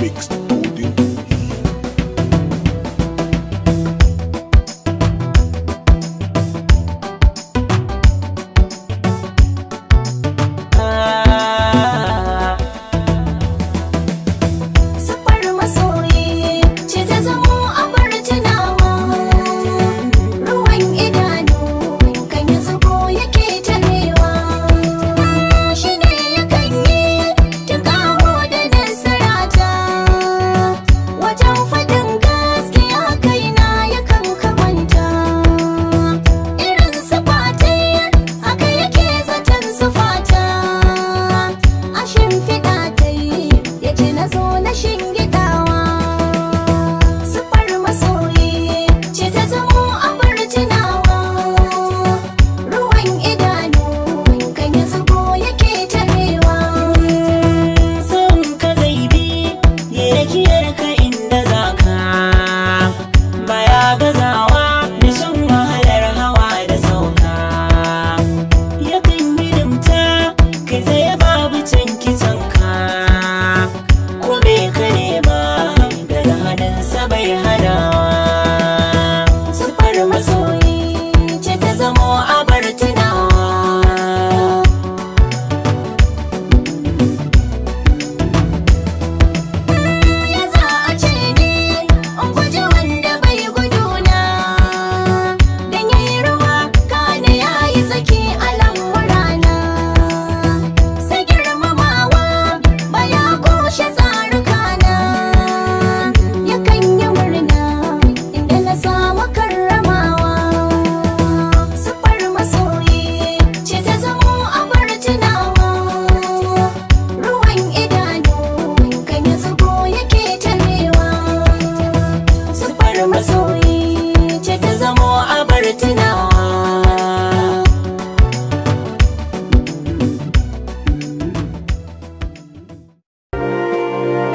mix.